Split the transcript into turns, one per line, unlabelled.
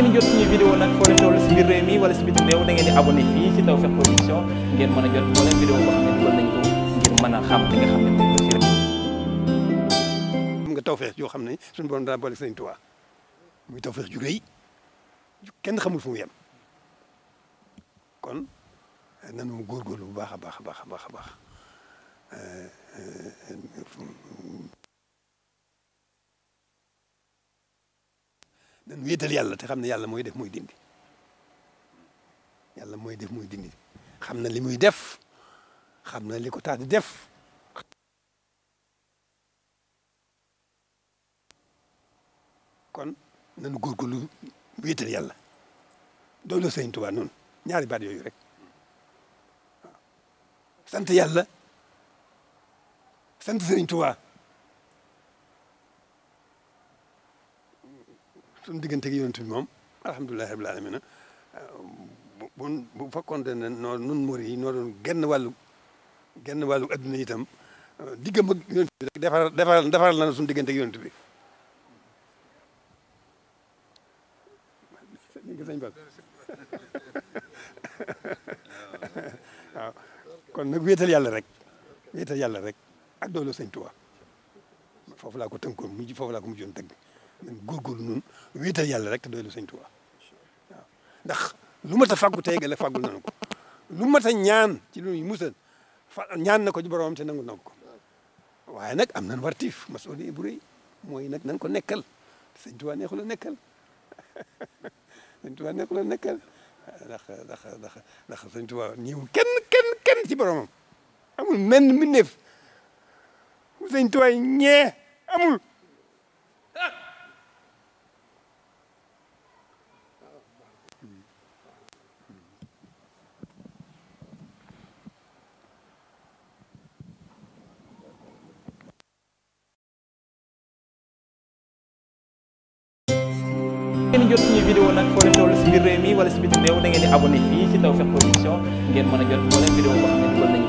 ngeen jot suñu vidéo nag foo leen toll si biir réew mi wala si biti réew da ngeen di abonné fii si Tawfekh Production ngeen mën a jot moo leen nga xam ne moom la rek. am nga tawfeex yoo xam ne suñu daa boole Sëriñ Tuubaa muy tawfeex ju rëy kenn mu yem kon eh, bu baax a baax a baax a baax a baax. Eh, eh, nañ wéetal yàlla te xam ne yàlla mooy def mooy dindi yàlla mooy def mooy dindi xam na li muy def xam na li ko tax di def kon nañu góorgóorlu wéetal yàlla doolu sëñ Tuubaa noonu ñaari baat yooyu rek waaw sant yàlla sant sëñ suñu diggante gi bi moom alhamdulilahi rabil alamina bu bu fekkoonte ne noo nun mur yi noo doon genn wàllu genn wàllu adduna itam diggam ak yonent bi rek defaral defaral defaral na suñu diggante gi bi kon nag wéetal yàlla rek wéetal yàlla rek ak doolu sëñ Tuubaa foofu laa ko tënkoon mujj foofu laa ko mujjoon tënk ñun góorgóorlu ñun wéetal yàlla rek te doylu sëñ Tuubaa waaw ndax lu mat a fàggu tey la fàggul nañu ko lu mat a ñaan ci lu musal fa ñaan na ko ci boromam te nangu nag ko waaye nag am nañ wartiif masuuliya bu rëy mooy nag nañ ko nekkal sëñ Tuubaa la nekkal sëñ Tuubaa neexu la nekkal ndax ndax ndax ndax sëñ Tuubaa ñëw kenn kenn kenn ci boromam amul menn mbindeef sëñ Tuubaa ñee amul ngeen jot suñu vidéo nag foo leen toll si biir réew mi wala si bitim réew da ngeen di abonné